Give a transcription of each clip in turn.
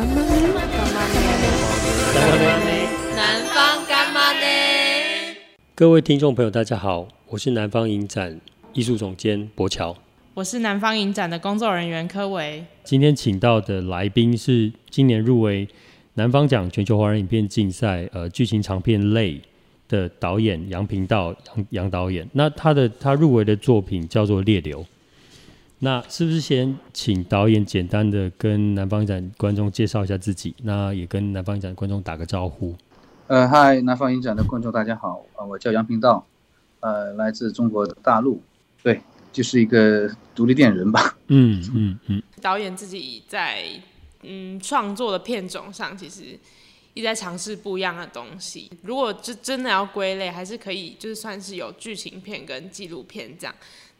南方幹嘛呢？各位聽眾朋友，大家好，我是南方影展藝術總監柏喬，我是南方影展的工作人員柯維。今天請到的來賓是今年入圍南方獎全球華人影片競賽呃劇情長片類的導演楊平道楊楊導演，那他的他入圍的作品叫做《裂流》。那是不是先請導演簡單的跟南方影展觀眾介紹一下自己？那也跟南方影展觀眾打個招呼。呃，嗨，南方影展的觀眾大家好，啊、呃，我叫楊平道，呃，來自中國大陸，對，就是一個獨立電影人吧。嗯嗯嗯。嗯嗯，導演自己在嗯，創作的片種上，其實一直在嘗試不一樣的東西。如果就真的要歸類，還是可以就是算是有劇情片跟紀錄片這樣。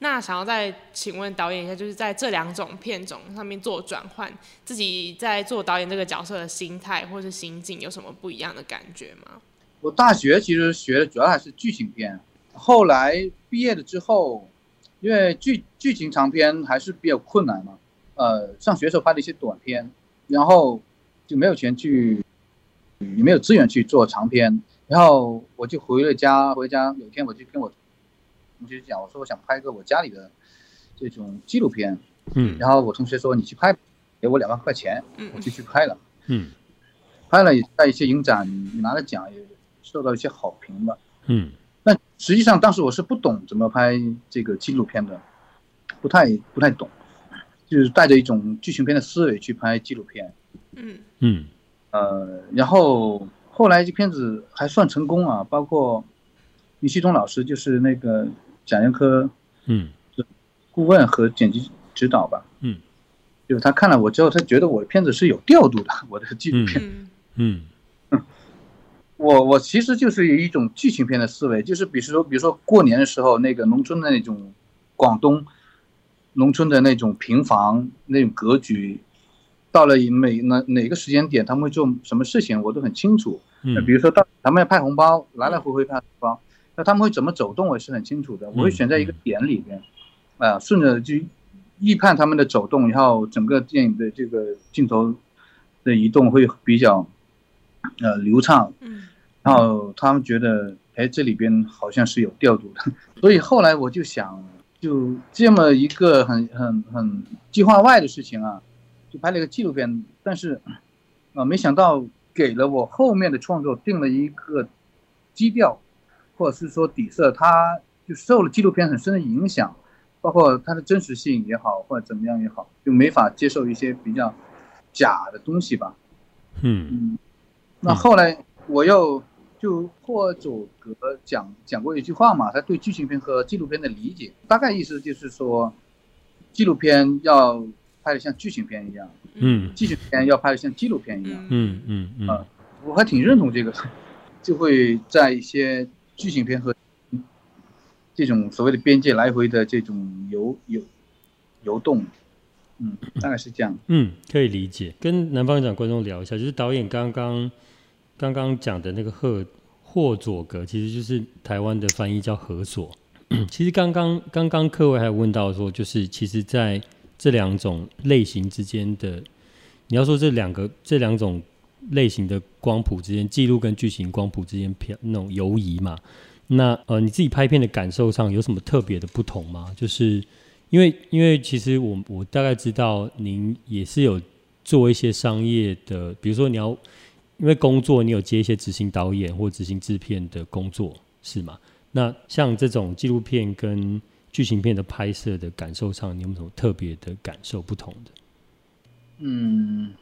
那想要再請問導演一下，就是在這兩種片種上面做轉換，自己在做導演這個角色的心態或者是心境有什麼不一樣的感覺嗎？我大學其實學的主要還是劇情片，後來畢業了之後，因為劇劇情長片還是比較困難嘛，呃，上學時候拍了一些短片，然後就沒有錢去，也沒有資源去做長片，然後我就回了家，回家有一天我就跟我。我就講，我說我想拍一個我家裡的這種紀錄片，嗯，然後我同學說你去拍，給我兩萬塊錢，我就去拍了，嗯，拍了也帶一些影展，你拿了獎，也受到一些好評吧，嗯，但實際上當時我是不懂怎麼拍這個紀錄片的，不太不太懂，就是帶着一種劇情片的思維去拍紀錄片，嗯嗯，呃，然後後來這片子還算成功啊，包括李旭東老師就是那個。賈樟柯，嗯，顧問和剪輯指導吧，嗯，就是他看了我之後，他覺得我的片子是有調度的，我的紀錄片嗯。嗯， 我我其實就是有一種劇情片的思維，就是比如說，比如說過年的時候，那個農村的那種，廣東農村的那種平房那種格局，到了每哪哪個時間點他們會做什麼事情，我都很清楚，嗯，比如說到他們要派紅包，來來回回派紅包。他們會怎麼走動，我是很清楚的。我會選在一個點裡邊，嗯嗯、啊，順着就預判他們的走動，然後整個電影的這個鏡頭的移動會比較呃流暢。然後他們覺得，哎，這裡邊好像是有調度的， 所以後來我就想，就這麼一個很很很計劃外的事情啊，就拍了一個紀錄片。但是，啊，沒想到給了我後面的創作定了一個基調。或者是說底色，他就受了紀錄片很深的影響，包括它的真實性也好，或者怎麼樣也好，就沒法接受一些比較假的東西吧。嗯嗯。嗯，那後來我又就霍祖格講講過一句話嘛，他對劇情片和紀錄片的理解，大概意思就是說，紀錄片要拍得像劇情片一樣，嗯，劇情片要拍得像紀錄片一樣，嗯嗯嗯。我還挺認同這個，就會在一些。劇情片和這種所謂的邊界來回的這種游游游動，嗯，大概是這樣。嗯，可以理解。跟南方影展觀眾聊一下，就是導演剛剛剛剛講的那個赫霍佐格，其實就是台灣的翻譯叫荷索。其實剛剛剛剛，珂溦還問到說，就是其實在這兩種類型之間的，你要說這兩個這兩種。類型的光譜之間，記錄跟劇情光譜之間偏那種游移嘛，那呃，你自己拍片的感受上有什麼特別的不同嗎？就是因為因為其實我我大概知道您也是有做一些商業的，比如說你要因為工作你有接一些執行導演或執行製片的工作是嗎？那像這種紀錄片跟劇情片的拍攝的感受上，你有沒有什麼特別的感受不同的？嗯，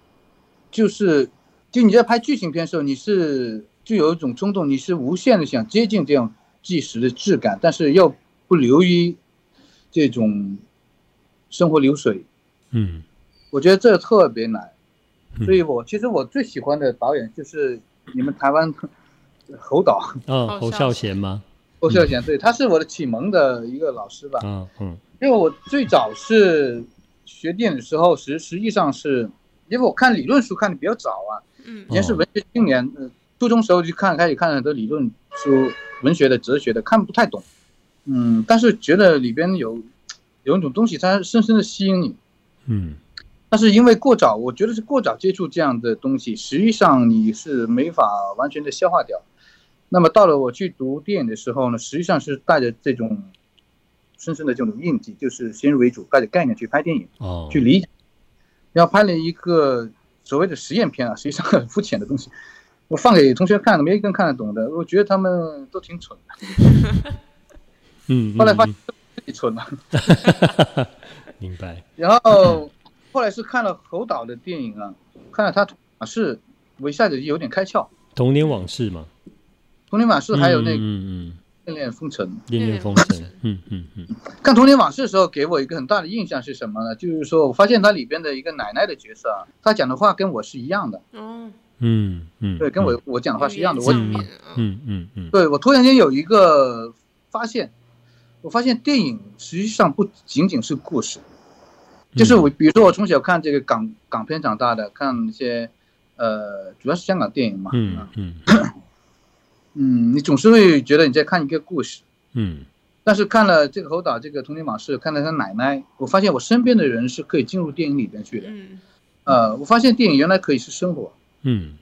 就是。就你在拍劇情片的時候，你是就有一種衝動，你是無限的想接近這樣紀實的質感，但是又不流於這種生活流水。嗯，我覺得這特別難。所以我其實我最喜歡的導演就是你們台灣侯導，嗯、哦，侯孝賢嗎？侯孝賢，對，他是我的啟蒙的一個老師吧。嗯嗯，因為我最早是學電影的時候時，實實際上是因為我看理論書看的比較早啊。嗯，也是文學青年，呃、哦，初中時候就看，開始看很多理論書，文學的、哲學的，看不太懂，嗯，但是覺得裡邊有，有一種東西，它深深的吸引你，嗯，但是因為過早，我覺得是過早接觸這樣的東西，實際上你是沒法完全的消化掉。那麼到了我去讀電影的時候呢，實際上是帶着這種，深深的這種印記，就是先入為主，帶着概念去拍電影，哦，去理解，然後拍了一個。所謂的實驗片啊，實際上很膚淺的東西。我放給同學看，沒一個人看得懂的。我覺得他們都挺蠢的。 嗯，嗯嗯，後來發現自己蠢嘛、啊。哈哈哈哈哈，明白。然後後來是看了侯導的電影啊，看了他往事，我一下子有點開竅。童年往事嘛，童年往事還有那個嗯。嗯嗯。戀戀風塵，戀戀風塵。嗯嗯嗯。看童年往事的時候，給我一個很大的印象是什麼呢？就是說我發現它裡邊的一個奶奶的角色，他講的話跟我是一樣的。嗯嗯，對，嗯、跟我、嗯、我講的話是一樣的。我嗯嗯嗯，對我突然間有一個發現，我發現電影實際上不僅僅是故事，就是我比如說我從小看這個港港片長大的，看一些呃，主要是香港電影嘛。嗯嗯。 嗯，你總是會覺得你在看一個故事，嗯，但是看了這個侯導這個童年往事，看了他奶奶，我發現我身邊的人是可以進入電影裡邊去的，嗯，呃，我發現電影原來可以是生活，嗯，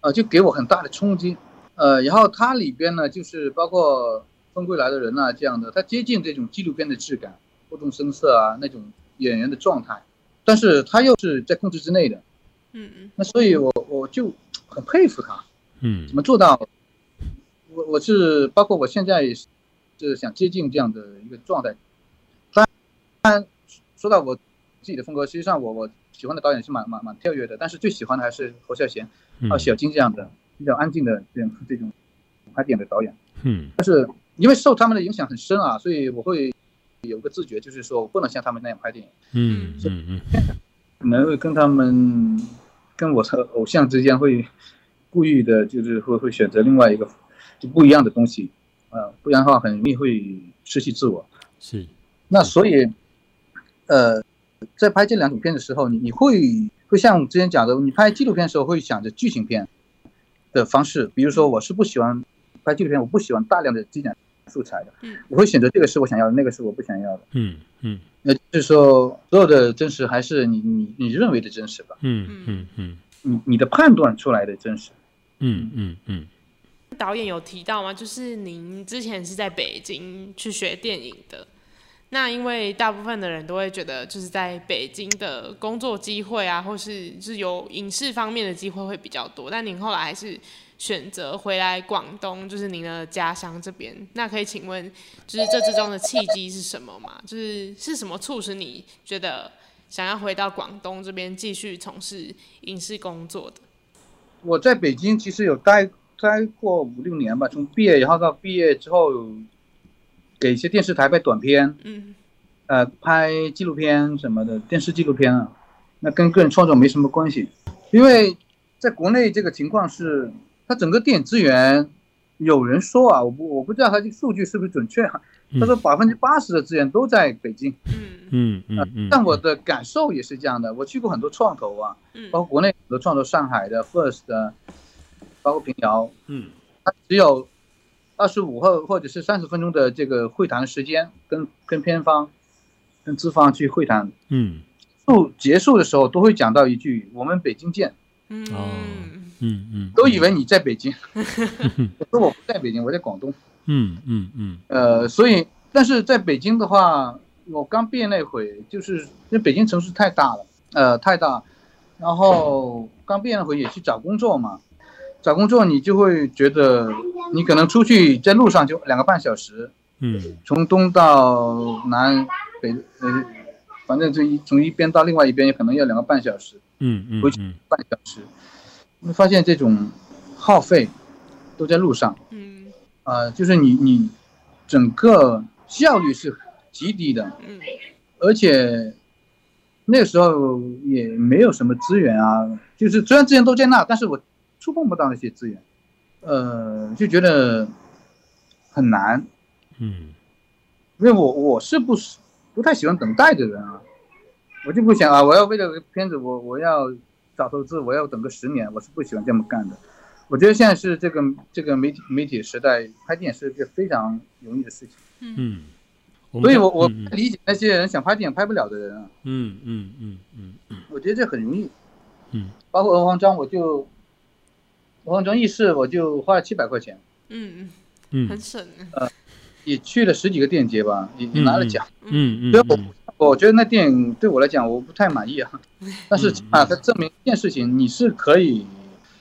呃，就給我很大的衝擊，呃，然後它裡邊呢，就是包括風櫃來的人啊這樣的，他接近這種紀錄片的質感，不動聲色啊那種演員的狀態，但是他又是在控制之內的，嗯嗯，那所以我我就很佩服他，嗯，怎麼做到？我我是包括我現在是想接近這樣的一個狀態。但說到我自己的風格，實際上我我喜歡的導演是蠻蠻蠻跳躍的，但是最喜歡的還是侯孝賢、啊小金這樣的比較安靜的這樣這種拍電影的導演。嗯，但是因為受他們的影響很深啊，所以我會有個自覺，就是說我不能像他們那樣拍電影。嗯嗯嗯，可能會跟他們跟我的偶像之間會故意的就是會會選擇另外一個。就不一樣的東西，呃，不然的話很容易會失去自我。是，那所以，嗯、呃，在拍這兩種片的時候，你你會會像我之前講的，你拍紀錄片的時候會想着劇情片的方式。比如說，我是不喜歡拍紀錄片，我不喜歡大量的積累素材的。嗯。我會選擇這個是我想要的，那個是我不想要的。嗯嗯。那、嗯、就是說，所有的真實還是你你你認為的真實吧。嗯嗯嗯。嗯嗯你你的判斷出來的真實。嗯嗯嗯。嗯嗯導演有提到嗎？就是您之前是在北京去學電影的。那因為大部分的人都會覺得，就是在北京的工作機會啊，或是就是有影視方面的機會會比較多。但您後來還是選擇回來廣東，就是您的家鄉這邊。那可以請問，就是這之中的契機是什麼嗎？就是是什麼促使你覺得想要回到廣東這邊繼續從事影視工作的？我在北京其實有待。開過五六年吧，從畢業然後到畢業之後，給一些電視台拍短片，嗯，呃，拍紀錄片什麼的，電視紀錄片啊，那跟個人創作沒什麼關係，因為在國內這個情況是，他整個電影資源，有人說啊，我不我不知道他這個數據是不是準確啊，他說百分之八十的資源都在北京，嗯嗯嗯嗯，但我的感受也是這樣的，我去過很多創投啊，包括國內很多創投，上海的 First。嗯包括平遙，嗯，他只有二十五號或者是三十分鐘的這個會談時間，跟跟片方，跟資方去會談，嗯，就結束的時候都會講到一句“我們北京見”，嗯，哦，嗯嗯，都以為你在北京，我說我不在北京，我在廣東，嗯嗯嗯，呃，所以，但是在北京的話，我剛畢業那會，就是那北京城市太大了，呃，太大，然後剛畢業那會也去找工作嘛。找工作，你就會覺得你可能出去在路上就兩個半小時，嗯、從東到南北、呃，反正就一從一邊到另外一邊，也可能要兩個半小時，嗯嗯，嗯嗯回去半小時，你發現這種耗費都在路上，嗯、呃，就是你你整個效率是極低的，而且那時候也沒有什麼資源啊，就是雖然資源都在那，但是我。觸碰不到那些資源，呃，就覺得很難，嗯，因為我我是不是不太喜歡等待的人啊，我就不想啊，我要為了個片子，我我要找投資，我要等個十年，我是不喜歡這麼幹的。我覺得現在是這個這個媒體媒體時代，拍電影是一個非常容易的事情，嗯，所以我、嗯、我不理解那些人想拍電影拍不了的人，啊嗯，嗯嗯嗯嗯嗯，嗯嗯我覺得這很容易，嗯，包括《額黃章》，我就。化妝儀式，我，我就花了七百塊錢，嗯嗯嗯，很省、嗯。嗯、呃，也去了十幾個電影節吧，嗯、也拿了獎。嗯我嗯我我覺得那電影對我來講，我不太滿意哈、啊，嗯、但是起碼，它證明一件事情，你是可以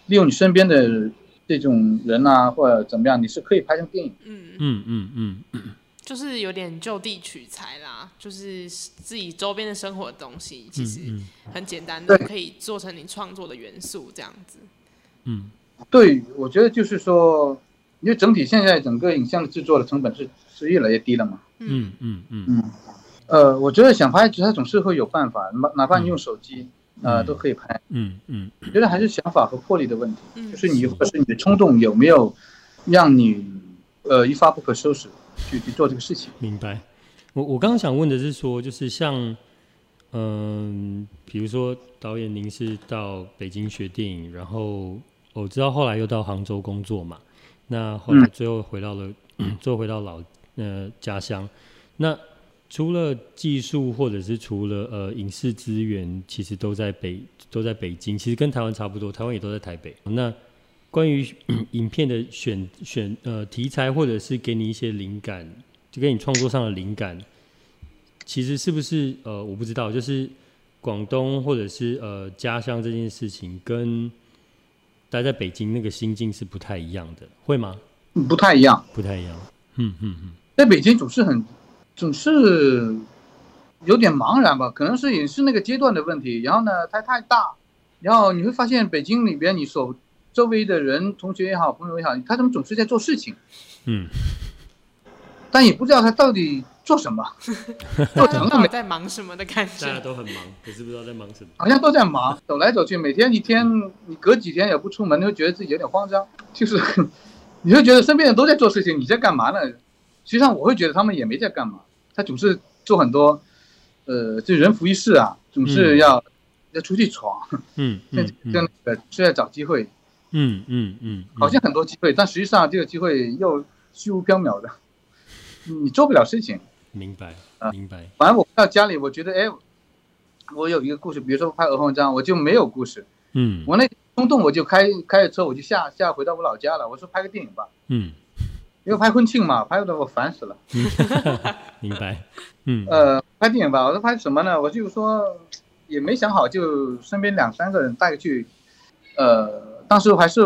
利用你身邊的這種人啊，或者怎麼樣，你是可以拍成電影。嗯嗯嗯嗯。就是有點就地取材啦，就是自己周邊的生活的東西，其實很簡單的，嗯嗯、可以做成你創作的元素這樣子。嗯。嗯對，我覺得就是說，因為整體現在整個影像的制作的成本是是越來越低了嘛。嗯嗯嗯嗯。嗯嗯呃，我覺得想拍，其實它總是會有辦法，哪哪怕你用手機、嗯、呃，都可以拍。嗯嗯。嗯嗯我覺得還是想法和魄力的問題，嗯、就是你或者是你的衝動有沒有讓你呃一發不可收拾去去做這個事情？明白。我我剛剛想問的是說，就是像嗯、呃，比如說導演您是到北京學電影，然後。我、哦、知道後來又到杭州工作嘛，那後來最後回到了，嗯、最後回到老呃家鄉。那除了技術或者是除了呃影視資源，其實都在北都在北京，其實跟台灣差不多，台灣也都在台北。那關於、呃、影片的選選呃題材或者是給你一些靈感，就給你創作上的靈感，其實是不是呃我不知道，就是廣東或者是呃家鄉這件事情跟。待在北京那個心境是不太一樣的，會嗎？不太一樣，不太一樣。嗯嗯嗯，在北京總是很，總是有點茫然吧？可能是也是那個階段的問題。然後呢，它太大，然後你會發現北京裡邊你所周圍的人、同學也好，朋友也好，他怎麼總是在做事情。嗯，但也不知道他到底。做什麼？ 在忙什麼的感覺？大家都很忙，可是不知道在忙什麼。 好像都在忙，走來走去。每天一天，你隔幾天也不出門，你會覺得自己有點慌張。就是，你會覺得身邊人都在做事情，你在幹嘛呢？實際上，我會覺得他們也沒在幹嘛。他總是做很多，呃，就人浮於事啊，總是要、嗯、要出去闖。嗯現在，嗯是在找機會。嗯嗯嗯，嗯嗯嗯好像很多機會，但實際上這個機會又虛無縹緲的，你做不了事情。明白啊，明白。啊、明白，反正我到家裡，我覺得，哎，我有一個故事。比如說拍《額紅章》，我就沒有故事。嗯，我那衝動，我就開開着車，我就下下回到我老家了。我說拍個電影吧。嗯，因為拍婚慶嘛，拍的我煩死了。 明白。嗯呃，拍電影吧。我說拍什麼呢？我就說也沒想好，就身邊兩三個人帶去。呃，當時還是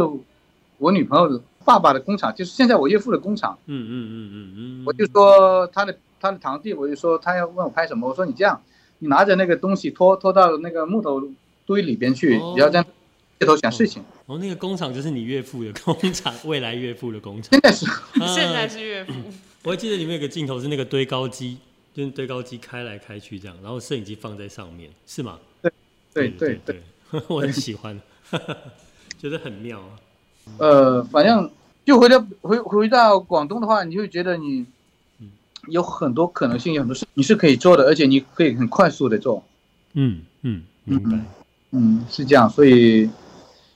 我女朋友的爸爸的工廠，就是現在我岳父的工廠。嗯嗯嗯嗯嗯。嗯嗯嗯我就說他的。他的堂弟，我就說他要問我拍什麼，我說你這樣，你拿着那個東西拖拖到那個木頭堆裡邊去，然後這樣，低頭想事情哦。哦，那個工廠就是你岳父的工廠，未來岳父的工廠。現在是、呃，現在是岳父。我還記得裡面有個鏡頭是那個堆高機，就是堆高機開來開去這樣，然後攝影機放在上面，是嗎？對對，對對對，對，對 我很喜歡，對 覺得很妙。呃，反正就回到回回到廣東的話，你就會覺得你有很多可能性，有很多事你是可以做的，而且你可以很快速的做。嗯嗯，嗯嗯，對嗯，是這樣。所以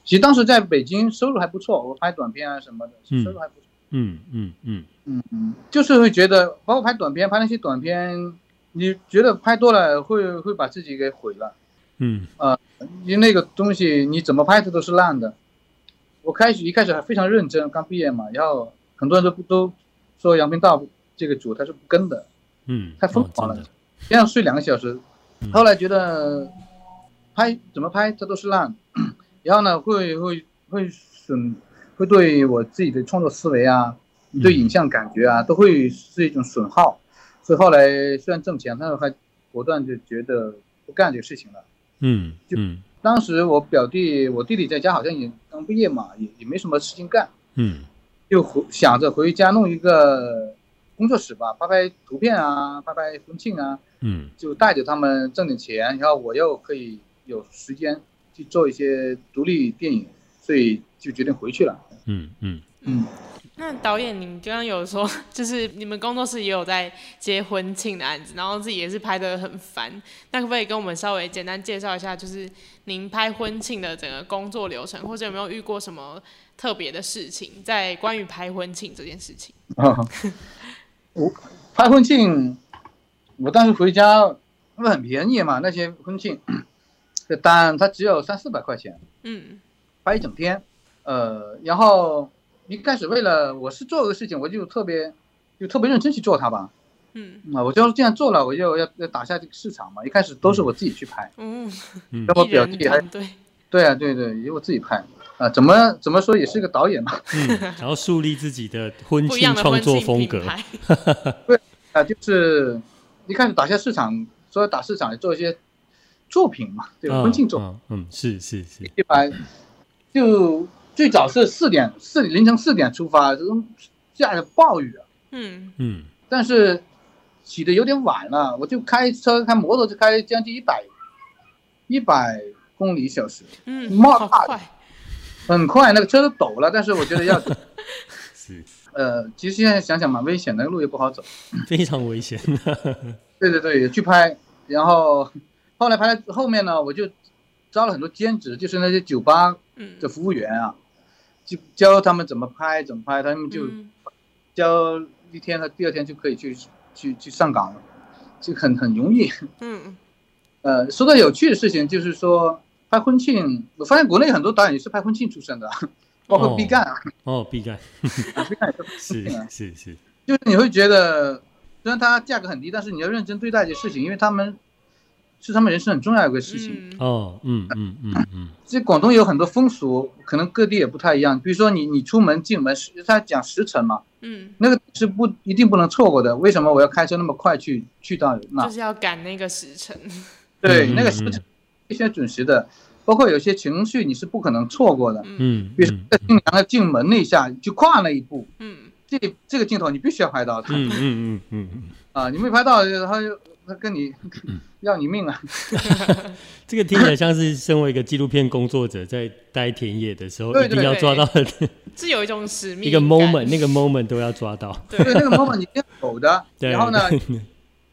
其實當時在北京收入還不錯，我拍短片啊什麼的，收入還不錯。嗯嗯嗯嗯嗯，嗯嗯嗯就是會覺得，包括拍短片，拍那些短片，你覺得拍多了會會把自己給毀了。嗯啊，因為、呃、那個東西你怎麼拍它都是爛的。我開始一開始還非常認真，剛畢業嘛，然後很多人都都說楊平道。這個主他是不跟的，嗯，太瘋狂了，這樣、哦、睡兩個小時，後來覺得拍、嗯、怎麼拍它都是爛，然後呢會會會損，會對我自己的創作思維啊，對影像感覺啊，嗯、都會是一種損耗，所以後來雖然掙錢，但是還果斷就覺得不幹這個事情了，嗯，嗯就當時我表弟我弟弟在家好像也剛畢業嘛，也也沒什麼事情幹，嗯，就回、嗯、想着回家弄一個。工作室吧，拍拍圖片啊，拍拍婚慶啊，嗯，就帶着他們掙點錢，然後我又可以有時間去做一些獨立電影，所以就決定回去了。嗯嗯嗯。嗯嗯那導演，您剛剛有說，就是你們工作室也有在接婚慶的案子，然後自己也是拍得很煩，那可不可以跟我們稍微簡單介紹一下，就是您拍婚慶的整個工作流程，或者有沒有遇過什麼特別的事情，在關於拍婚慶這件事情？哦哦 我拍婚慶，我當時回家，因為很便宜嘛，那些婚慶的單，它只有三四百塊錢。嗯，拍一整天，呃，然後一開始為了我是做這個事情，我就特別，就特別認真去做它吧。嗯，我就要這樣做了，我就要要打下這個市場嘛。一開始都是我自己去拍，嗯，要麼表弟還，對、嗯，對啊，對對，由我自己拍。啊、呃，怎麼怎麼說也是一個導演嘛。嗯，然後樹立自己的婚慶創作風格。 對啊、呃，就是一開始打下市場，說打市場做一些作品嘛，對、哦、婚慶作品，哦、嗯，是是是。是一般百、嗯、就最早是四點四凌晨四點出發，這種下着暴雨，嗯嗯，但是起的有點晚了，我就開車開摩托車開將近一百一百公里小時，嗯，冒很快，那個車都抖了，但是我覺得要走， 是呃，其實現在想想蠻危險的，路也不好走， 非常危險。 對對對，去拍，然後後來拍了後面呢，我就招了很多兼職，就是那些酒吧的服務員啊，就教他們怎麼拍，怎麼拍，他們就教一天，和第二天就可以去去去上崗了，就很很容易。嗯 呃，說到有趣的事情，就是說。拍婚慶，我發現國內很多導演也是拍婚慶出身的，包括畢贛、啊。哦、oh, oh,，畢 贛， 是。是是就是你會覺得，雖然它價格很低，但是你要認真對待一些事情，因為他們是他們人生很重要的一個事情。哦，嗯嗯嗯嗯嗯。嗯嗯其實廣東有很多風俗，可能各地也不太一樣。比如說你你出門進門是它講時辰嘛？嗯，那個是不一定不能錯過的。為什麼我要開車那麼快去去到那？就是要趕那個時辰。對，嗯、那個時辰、嗯。嗯。必須準時的，包括有些情緒你是不可能錯過的。嗯，比如新娘要進門那一下，就跨那一步。嗯，這這個鏡頭你必須要拍到他。嗯嗯嗯嗯嗯。啊，你沒拍到，他就他跟你要你命啊！這個聽起來像是身為一個紀錄片工作者，在待田野的時候一定要抓到的，是有一種使命。一個 moment，那個 moment 都要抓到。對，那個 moment 你是有的。對。然後呢，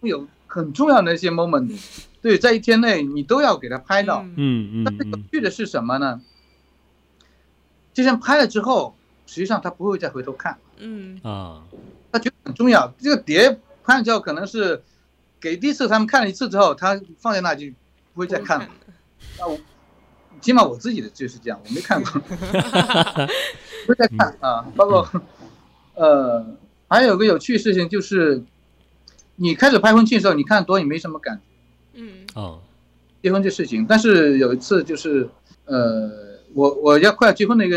會有很重要的一些 moment。對，在一天內你都要給他拍到。嗯嗯嗯。但是有趣的是什麼呢？就像、嗯嗯、拍了之後，實際上他不會再回頭看。嗯啊，他覺得很重要。這個碟拍了之後，可能是給第一次他們看了一次之後，他放在那就不會再看了。Okay. 那我，起碼我自己的就是這樣，我沒看過，不會再看啊。包括呃， 嗯、 還有個有趣的事情就是，你開始拍婚慶的時候，你看多也沒什麼感覺。嗯哦，結婚這事情，但是有一次就是，呃，我我要快要結婚的一個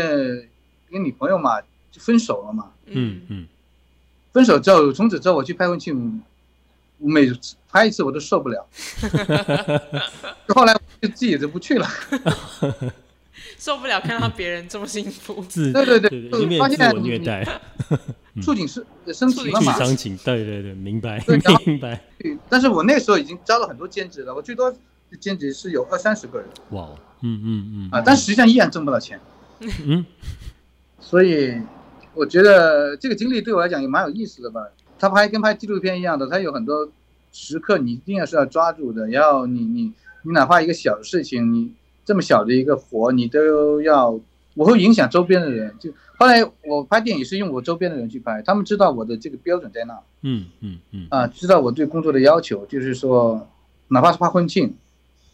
一個女朋友嘛，就分手了嘛。嗯嗯，嗯分手之後，從此之後我去拍婚慶，我每次拍一次我都受不了。 後來就自己就不去了， 受不了看到別人這麼幸福，自對對對，避免自我虐待。 觸景生情嘛對對對，明白，對明白。但是我那時候已經招了很多兼職了，我最多兼職是有二三十個人。哇、wow, 嗯，嗯嗯嗯，啊，但實際上依然掙不到錢。嗯，所以我覺得這個經歷對我來講也蠻有意思的吧。他拍跟拍紀錄片一樣的，他有很多時刻你一定要是要抓住的，要你你你哪怕一個小事情，你這麼小的一個活，你都要。我會影響周邊的人，就後來我拍電影是用我周邊的人去拍，他們知道我的這個標準在哪，嗯嗯嗯，啊、嗯嗯呃，知道我對工作的要求，就是說，哪怕是拍婚慶，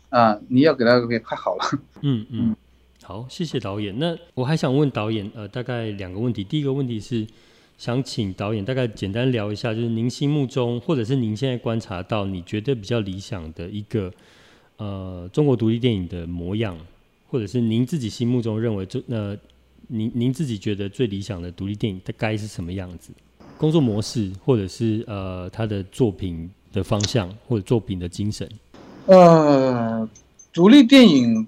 啊、呃，你要給他給拍好了，嗯嗯，好，謝謝導演。那我還想問導演，呃，大概兩個問題。第一個問題是，想請導演大概簡單聊一下，就是您心目中，或者是您現在觀察到，你覺得比較理想的一個，呃，中國獨立電影的模樣。或者是您自己心目中認為這，那、呃、您您自己覺得最理想的獨立電影它該是什麼樣子？工作模式，或者是呃他的作品的方向，或者作品的精神？呃，獨立電影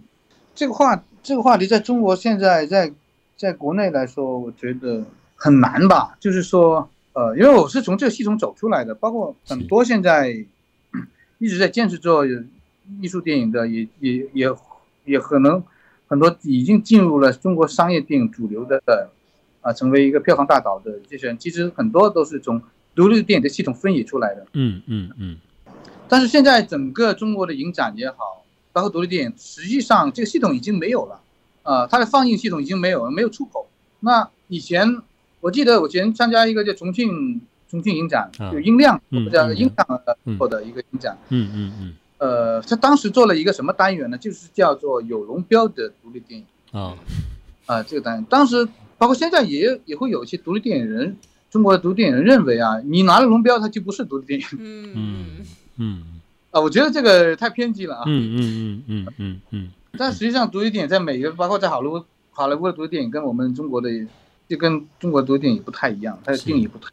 這個話這個話題在中國現在在在國內來說，我覺得很難吧。就是說呃，因為我是從這個系統走出來的，包括很多現在是一直在堅持做藝術電影的，也也也也可能。很多已經進入了中國商業電影主流的，啊、呃，成為一個票房大導的這些人，其實很多都是從獨立電影的系統分離出來的。嗯嗯嗯，嗯嗯但是現在整個中國的影展也好，包括獨立電影，實際上這個系統已經沒有了，啊、呃，它的放映系統已經沒有了，沒有出口。那以前我記得，我以前參加一個叫重慶重慶影展，啊、有音量這樣的音量做的一個影展。嗯嗯嗯。嗯嗯嗯嗯呃，他當時做了一個什麼單元呢？就是叫做有龍標的獨立電影啊啊、哦呃，這個單元當時包括現在也也會有一些獨立電影人，中國的獨立電影人認為啊，你拿了龍標他就不是獨立電影。嗯嗯啊、呃，我覺得這個太偏激了啊。嗯嗯嗯嗯嗯嗯。嗯嗯嗯嗯嗯但實際上，獨立電影在美國，包括在好萊塢，好萊塢的獨立電影跟我們中國的就跟中國的獨立電影也不太一樣，它的定義不同。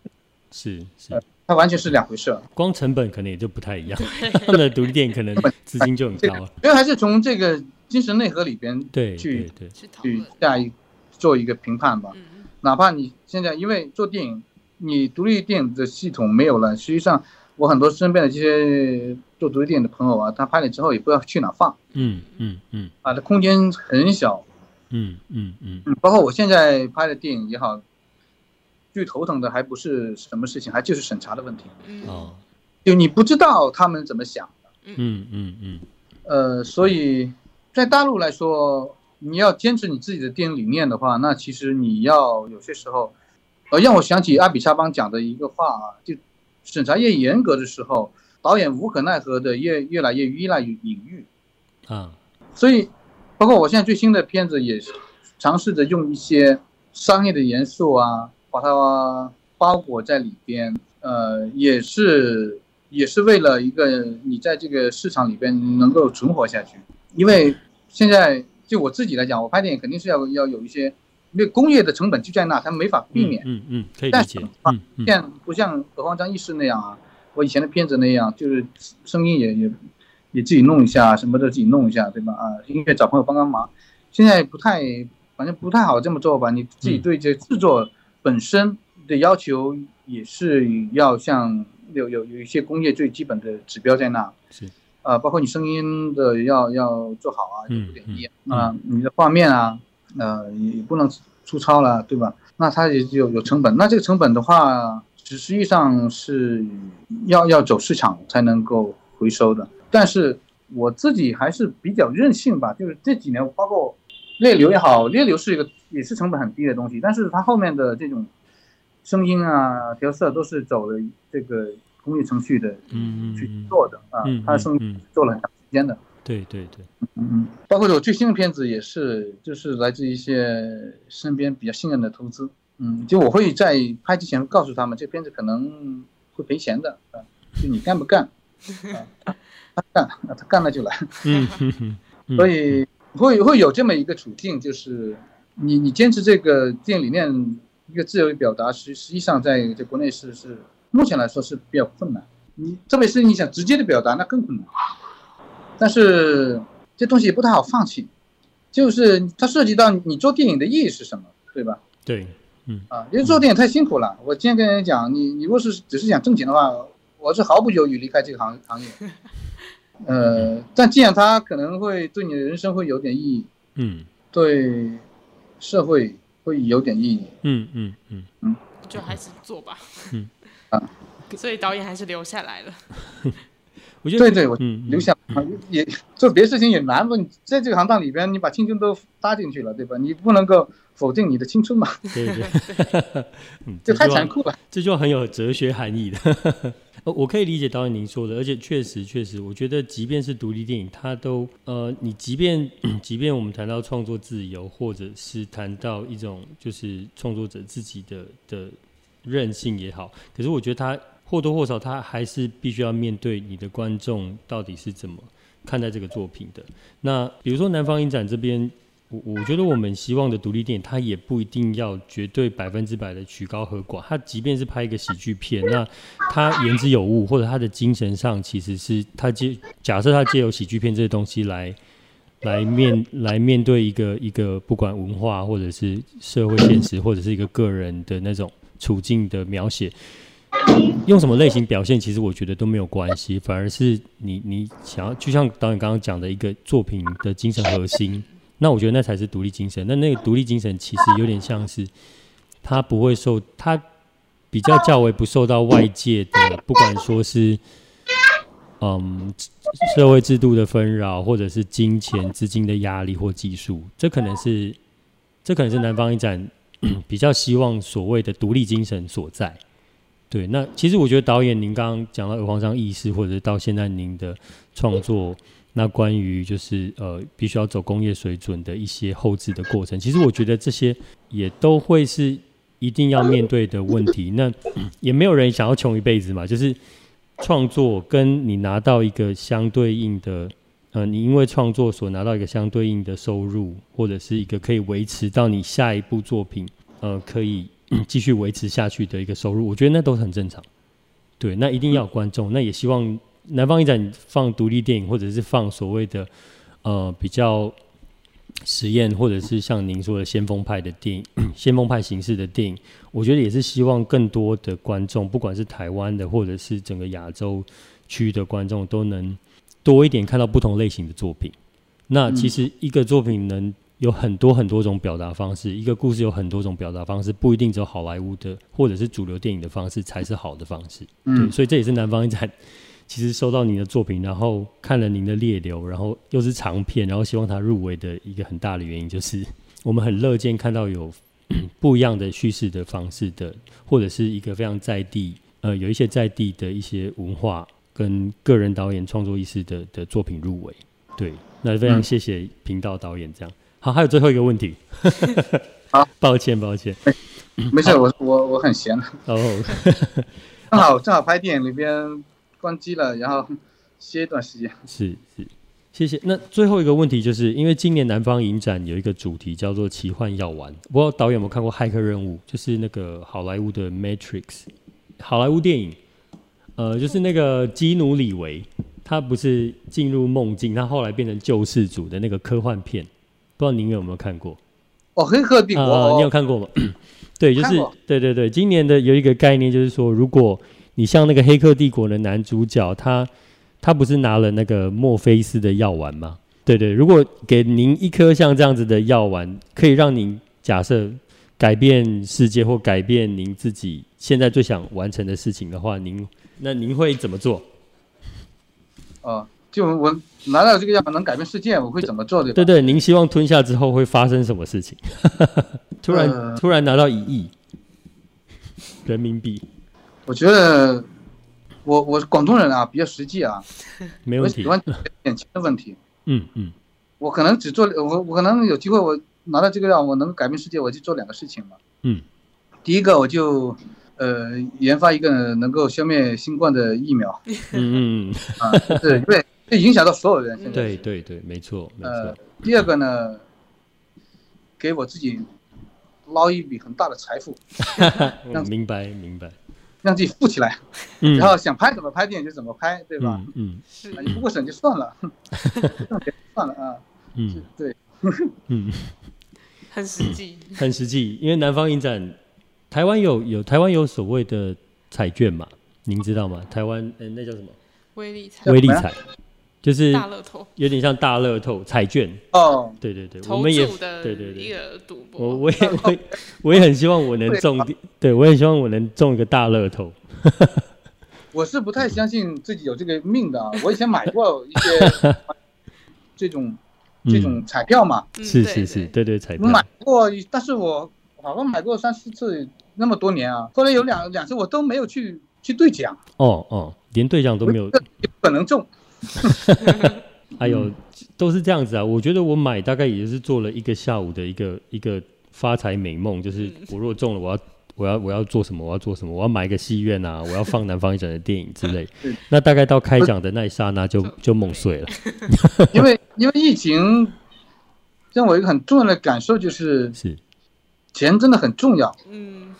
是是。呃它完全是兩回事兒，光成本可能也就不太一樣。對 那的獨立電影可能資金就很高。因、啊、為 還是從這個精神內核裡邊去對去對,對去下一做一個評判吧。嗯、哪怕你現在因為做電影，你獨立電影的系統沒有了，實際上我很多身邊的這些做獨立電影的朋友啊，他拍了之後也不知道去哪放。嗯嗯嗯，嗯嗯啊，的空間很小。嗯嗯嗯,嗯，包括我現在拍的電影也好。最頭疼的還不是什麼事情，還就是審查的問題。哦、嗯，就你不知道他們怎麼想的。嗯嗯嗯，嗯嗯呃，所以在大陸來說，你要堅持你自己的電影理念的話，那其實你要有些時候，呃，讓我想起阿比沙邦講的一個話啊，就審查越嚴格的時候，導演無可奈何的越越來越依賴於隱喻。啊、嗯，所以包括我現在最新的片子也嘗試着用一些商業的元素啊。把它包裹在裡邊，呃，也是也是為了一個你在這個市場裡邊能夠存活下去。因為現在就我自己來講，我拍電影肯定是要要有一些，因為工業的成本就在那，它沒法避免。嗯嗯，嗯，可以理解。但是、嗯、不像何方張藝師那樣啊？嗯嗯、我以前的片子那樣，就是聲音也也也自己弄一下，什麼都自己弄一下，對吧？啊，音樂找朋友幫幫忙。現在不太，反正不太好這麼做吧？你自己對這製作。嗯本身的要求也是要像有有有一些工業最基本的指標在那，是啊、呃，包括你聲音的要要做好啊，啊、嗯嗯呃，你的畫面啊，呃，也不能粗糙了，對吧？那它也有有成本，那這個成本的話，實際上是要要走市場才能夠回收的。但是我自己還是比較任性吧，就是這幾年包括裂流也好，裂流是一個。也是成本很低的東西，但是它後面的這種聲音啊、調色都是走了這個工藝程序的去做的，嗯、啊，它的聲音、嗯、做了很長時間的。對對對，嗯嗯，包括我最新的片子也是，就是來自一些身邊比較信任的投資。嗯，就我會在拍之前告訴他們，這片子可能會賠錢的啊，就你幹不幹、 啊？他幹，他幹了就來。嗯嗯嗯，所以會會有這麼一個處境，就是。你你堅持這個電影理念，一個自由表達，實實際上在在國內是是目前來說是比較困難。你特別是你想直接的表達，那更困難。但是這東西也不太好放棄，就是它涉及到你做電影的意義是什麼，對吧？對，嗯啊，因為做電影太辛苦了。我今天跟人講，你你如果是只是想掙錢的話，我是毫不猶豫離開這個行業行業。呃，但既然它可能會對你的人生會有點意義，嗯，對。社會會有點意義，嗯嗯嗯嗯，嗯嗯就還是做吧，嗯。嗯 所以導演還是留下來了。我覺得對對，我留下、嗯嗯嗯、也做別事情也難。問，在這個行當裡邊，你把青春都搭進去了，對吧？你不能夠否定你的青春嘛。對對，這 太殘酷了，這就很有哲學含義的。 呃，我可以理解導演您說的，而且確實確實，我覺得即便是獨立電影，它都呃，你即便，嗯，即便我們談到創作自由，或者是談到一種就是創作者自己的的韌性也好，可是我覺得它或多或少，它還是必須要面對你的觀眾到底是怎麼看待這個作品的。那比如說南方影展這邊。我我覺得我們希望的獨立電影，它也不一定要絕對百分之百的曲高和寡。它即便是拍一個喜劇片，那它言之有物，或者它的精神上其實是它借假設它借由喜劇片這些東西來來面來面對一個一個不管文化或者是社會現實，或者是一個個人的那種處境的描寫，用什麼類型表現，其實我覺得都沒有關係。反而是你你想要，就像導演剛剛講的一個作品的精神核心。那我覺得那才是獨立精神。那那個獨立精神其實有點像是，他不會受他比較較為不受到外界的，不管說是嗯社會制度的紛擾，或者是金錢資金的壓力或技術，這可能是這可能是南方影展比較希望所謂的獨立精神所在。對，那其實我覺得導演您剛剛講到《額黃上》、《意識，或者是到現在您的創作。那關於就是呃，必須要走工業水準的一些後製的過程，其實我覺得這些也都會是一定要面對的問題。那、嗯、也沒有人想要窮一輩子嘛，就是創作跟你拿到一個相對應的，呃，你因為創作所拿到一個相對應的收入，或者是一個可以維持到你下一部作品，呃，可以、嗯、繼續維持下去的一個收入，我覺得那都很正常。對，那一定要有觀眾，那也希望。南方影展放獨立電影，或者是放所謂的呃比較實驗，或者是像您說的先鋒派的電影、先鋒派形式的電影，我覺得也是希望更多的觀眾，不管是台灣的，或者是整個亞洲區域的觀眾，都能多一點看到不同類型的作品。那其實一個作品能有很多很多種表達方式，一個故事有很多種表達方式，不一定只有好萊塢的或者是主流電影的方式才是好的方式。嗯，所以這也是南方影展。其實收到您的作品，然後看了您的《裂流》，然後又是長片，然後希望他入圍的一個很大的原因，就是我們很樂見看到有不一樣的敘事的方式的，或者是一個非常在地，呃，有一些在地的一些文化跟個人導演創作意識的的作品入圍。對，那非常謝謝平道導演這樣。好，還有最後一個問題。 好，抱歉，抱歉，沒事，好我我我很閒。哦然後， 正好正好拍電影裡邊。關機了，然後歇一段時間。是是，謝謝。那最後一個問題，就是因為今年南方影展有一個主題叫做“奇幻藥丸”。不知道導演有沒有看過《駭客任務》，就是那個好萊塢的《Matrix》，好萊塢電影。呃，就是那個基努李維，他不是進入夢境，他後來變成救世主的那個科幻片。不知道您有沒有看過？哦，很合《黑客帝國》我你有看過嗎？ 對，就是我對對對，今年的有一個概念就是說，如果你像那個《黑客帝國》的男主角，他他不是拿了那個墨菲斯的藥丸嗎？對對，如果給您一顆像這樣子的藥丸，可以讓您假設改變世界或改變您自己現在最想完成的事情的話，您那您會怎麼做？哦、啊，就我拿到這個藥能改變世界，我會怎麼做？對、對對，您希望吞下之後會發生什麼事情？ 突然、嗯、突然拿到一億人民幣。我覺得我，我我是廣東人啊，比較實際啊。沒問題。完全，點的問題。嗯嗯。嗯我可能只做我我可能有機會，我拿到這個料，我能改變世界，我就做兩個事情嘛。嗯。第一個，我就呃研發一個能夠消滅新冠的疫苗。嗯嗯 嗯。啊、嗯嗯，對對，會影響到所有人。嗯、對對對，沒錯,沒錯呃。第二個呢，給我自己撈一筆很大的財富。哈哈、 嗯。明白明白。讓自己富起來，然後、嗯、想拍怎麼拍電影就怎麼拍，對吧？嗯，是、嗯，你不過審就算了，算了啊。嗯，對，呵呵嗯，很實際、嗯，很實際。 因為南方影展，台灣有有台灣有所謂的彩券嘛，您知道嗎？台灣嗯、欸，那叫什麼？威力彩，威力彩。就是大樂透，有點像大樂透彩券。哦，對對對，我們也對對對一個賭博。我，我也我也，我也很希望我能中，對、啊、對我也很希望我能中一個大樂透。 我是不太相信自己有這個命的、啊。我以前買過一些 這種這種彩票嘛。嗯、是是是，嗯、對對彩票。買過，但是我好像買過三四次，那麼多年啊。後來有兩兩次我都沒有去去兌獎。哦哦，連兌獎都沒有。不可能中。還有都是這樣子啊！我覺得我買大概也就是做了一個下午的一個一個發財美夢，就是我若中了我，我要我要我要做什麼？我要做什麼？我要買一個戲院啊！我要放南方一整的電影之類。嗯、那大概到開獎的那一剎那就、嗯就，就就夢碎了。 因為因為疫情讓我一個很重要的感受就是錢真的很重要。是嗯。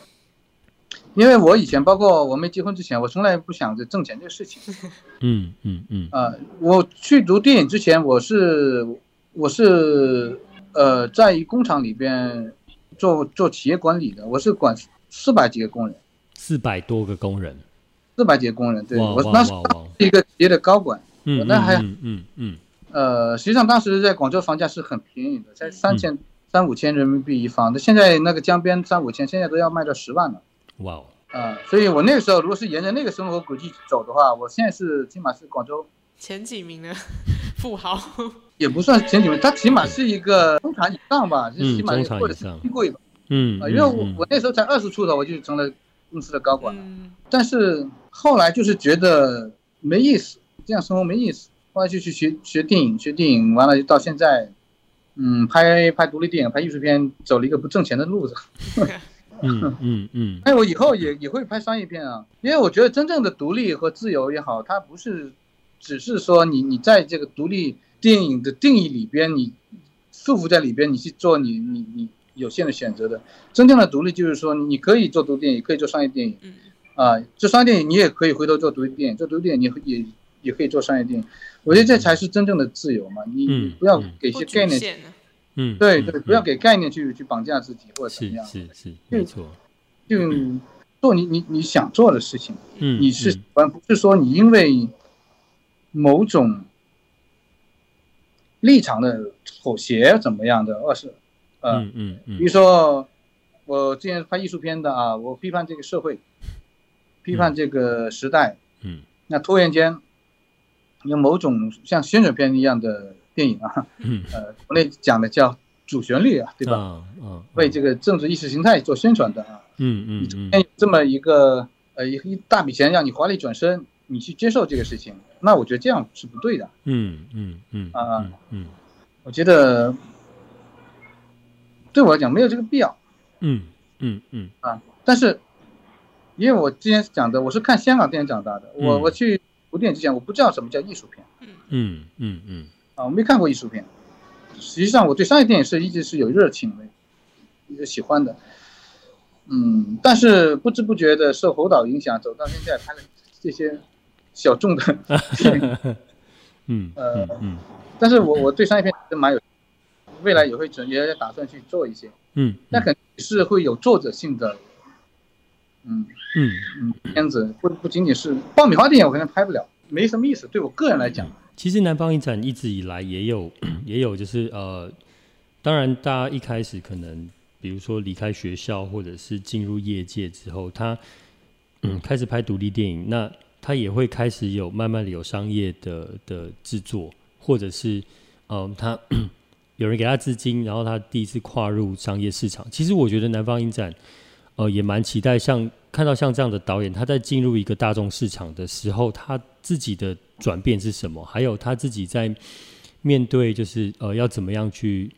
因為我以前，包括我沒結婚之前，我從來不想着掙錢這個事情 嗯。嗯嗯嗯。呃，我去讀電影之前我，我是我是呃，在一工廠裡邊做做企業管理的，我是管四百幾個工人。四百多個工人。四百幾個工人，對，我那是一個企業的高管。嗯嗯嗯。嗯嗯嗯呃，實際上當時在廣州房價是很便宜的，才三千、嗯、三五千人民幣一方。那現在那個江邊三五千，現在都要賣到十萬了。哇哦，啊 Wow、呃，所以我那個時候如果是沿着那個生活軌跡走的話，我現在是起碼是廣州前幾名的富豪，也不算是前幾名，他起碼是一個中產以上吧，嗯、就起碼是或者是低貴吧。嗯、呃，因為我我那時候才二十出頭，我就成了公司的高管。嗯、但是後來就是覺得沒意思，這樣生活沒意思，後來就去學學電影，學電影完了就到現在，嗯，拍拍獨立電影，拍藝術片，走了一個不掙錢的路子。 嗯嗯嗯，嗯嗯哎，我以後也也會拍商業片啊，因為我覺得真正的獨立和自由也好，它不是，只是說你你在這個獨立電影的定義裡邊，你束縛在裡邊，你去做你你你有限的選擇的。真正的獨立就是說，你可以做獨立電影，可以做商業電影，啊、嗯呃，做商業電影你也可以回頭做獨立電影，做獨立電影你也也，也可以做商業電影。我覺得這才是真正的自由嘛，你、嗯、你不要給一些概念、嗯。嗯嗯，對對，不要給概念去去綁架自己或者怎麼樣，是是，是沒錯，就做你、嗯、你你想做的事情。嗯，你是而、嗯、不是說你因為某種立場的妥協怎麼樣的，而是，嗯嗯嗯，啊、嗯比如說我之前拍藝術片的啊，我批判這個社會，嗯、批判這個時代。嗯，那突然間有某種像宣傳片一樣的。電影啊，呃，國內、嗯、講的叫主旋律啊，對吧？哦哦哦、為這個政治意識形態做宣傳的啊，嗯嗯嗯。嗯，你這麼一個呃一大筆錢讓你華麗轉身，你去接受這個事情，那我覺得這樣是不對的。嗯嗯嗯啊嗯，我覺得對我來講沒有這個必要。嗯嗯嗯啊，但是因為我之前講的，我是看香港電影長大的，我、嗯、我去讀電影之前，我不知道什麼叫藝術片。嗯嗯嗯嗯。嗯嗯啊，我沒看過藝術片。實際上，我對商業電影是一直是有熱情的，也喜歡的。嗯，但是不知不覺的受侯導影響，走到現在拍了這些小眾的。嗯。嗯但是我我對商業片是蠻有，未來也會準也也打算去做一些。嗯。那肯定是會有作者性的。嗯。嗯嗯。嗯片子不不僅僅是爆米花電影，我可能拍不了，沒什麼意思。對我個人來講。其實南方影展一直以來也有，也有就是呃，當然大家一開始可能，比如說離開學校或者是進入業界之後，他嗯開始拍獨立電影，那他也會開始有慢慢的有商業的的製作，或者是嗯、呃、他有人給他資金，然後他第一次跨入商業市場。其實我覺得南方影展呃也蠻期待像看到像這樣的導演，他在進入一個大眾市場的時候，他自己的轉變是什麼？還有他自己在面對，就是呃，要怎麼樣去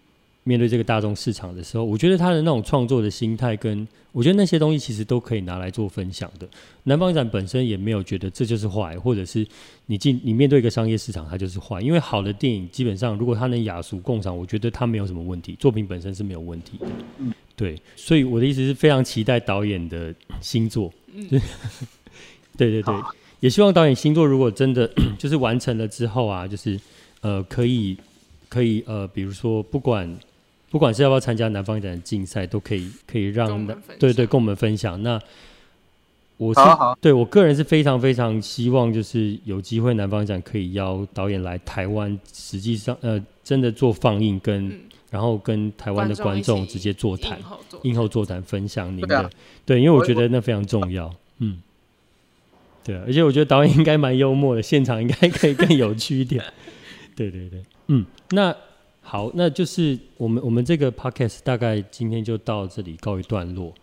面對這個大眾市場的時候，我覺得他的那種創作的心態，跟我覺得那些東西其實都可以拿來做分享的。南方展本身也沒有覺得這就是壞，或者是你進你面對一個商業市場，它就是壞。因為好的電影基本上，如果它能雅俗共賞，我覺得它沒有什麼問題，作品本身是沒有問題的。對，所以我的意思是非常期待導演的新作。嗯，對， 對對對。也希望導演新作如果真的 就是完成了之後啊，就是呃可以可以呃，比如說，不管不管是要不要參加南方展的競賽，都可以可以讓對對、對跟我們分享。那我是好啊好啊，對，我個人是非常非常希望，就是有機會南方展可以邀導演來台灣，實際上呃真的做放映跟、跟、嗯、然後跟台灣的觀眾直接座談，映後、後座談，分享您的對、啊、對，因為我覺得那非常重要，我嗯。對、啊、而且我覺得導演應該蠻幽默的，現場應該可以更有趣一點。 對對對，嗯，那好，那就是我們我們這個 podcast 大概今天就到這裡告一段落。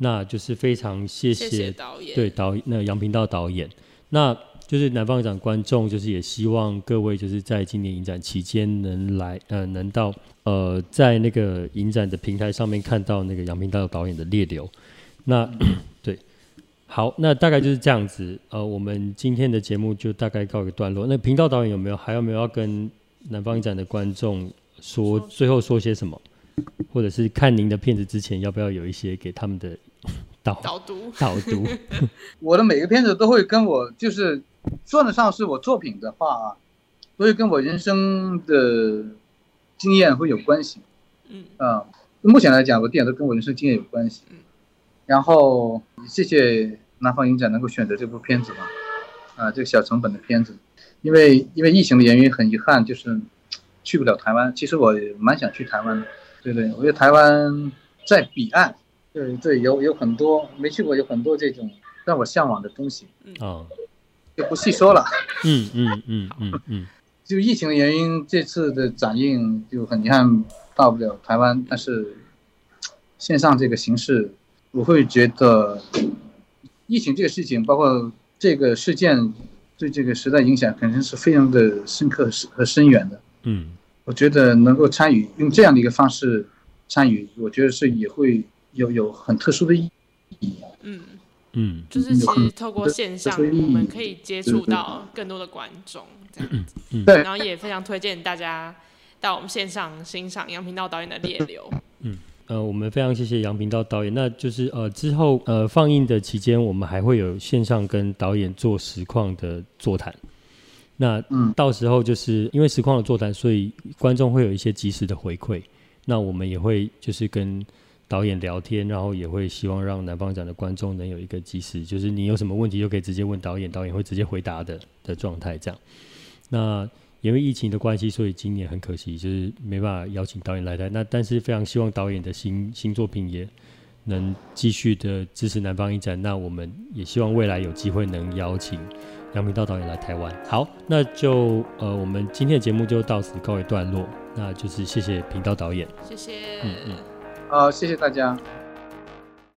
那就是非常謝謝,謝,謝導演，對導演那楊、個、平道導演。那就是南方影展觀眾，就是也希望各位就是在今年影展期間能來，呃，能到呃在那個影展的平台上面看到那個楊平道導演的《裂流》那。那、嗯好，那大概就是這樣子。呃，我們今天的節目就大概告一個段落。那平道導演有沒有還有沒有要跟南方影展的觀眾說最後說些什麼，或者是看您的片子之前要不要有一些給他們的導導讀？導讀 我的每個片子都會跟我就是算得上是我作品的話、啊，所以跟我人生的經驗會有關係。嗯、啊、目前來講，我電影都跟我人生經驗有關係。嗯然後，謝謝南方影展能夠選擇這部片子吧，啊、呃，這個小成本的片子，因為因為疫情的原因，很遺憾就是去不了台灣。其實我蠻想去台灣的，對對，我覺得台灣在彼岸，對對，有有很多沒去過，有很多這種讓我向往的東西。嗯。就不細說了。嗯嗯嗯嗯嗯，嗯嗯嗯 就疫情的原因，這次的展映就很遺憾到不了台灣，但是線上這個形式。我會覺得，疫情這個事情，包括這個事件，對這個時代影響肯定是非常的深刻和深遠的。嗯，我覺得能夠參與用這樣的一個方式參與，我覺得是也會有有很特殊的意義。嗯嗯，就是其實透過線上，我們可以接觸到更多的觀眾，嗯、這樣子。對、嗯。嗯、然後也非常推薦大家到我們線上欣賞楊平道導演的《裂流》。嗯。呃，我們非常謝謝楊平道導演。那就是呃，之後呃，放映的期間，我們還會有線上跟導演做實況的座談。那、嗯、到時候就是因為實況的座談，所以觀眾會有一些及時的回饋。那我們也會就是跟導演聊天，然後也會希望讓南方展的觀眾能有一個及時，就是你有什麼問題就可以直接問導演，導演會直接回答的的狀態這樣。那因為疫情的關係，所以今年很可惜，就是沒辦法邀請導演來台。那但是非常希望導演的新新作品也能繼續的支持南方影展。那我們也希望未來有機會能邀請楊平道導演來台灣。好，那就呃，我們今天的節目就到此告一段落。那就是謝謝平道導演，謝謝，嗯嗯，好，嗯呃，謝謝大家。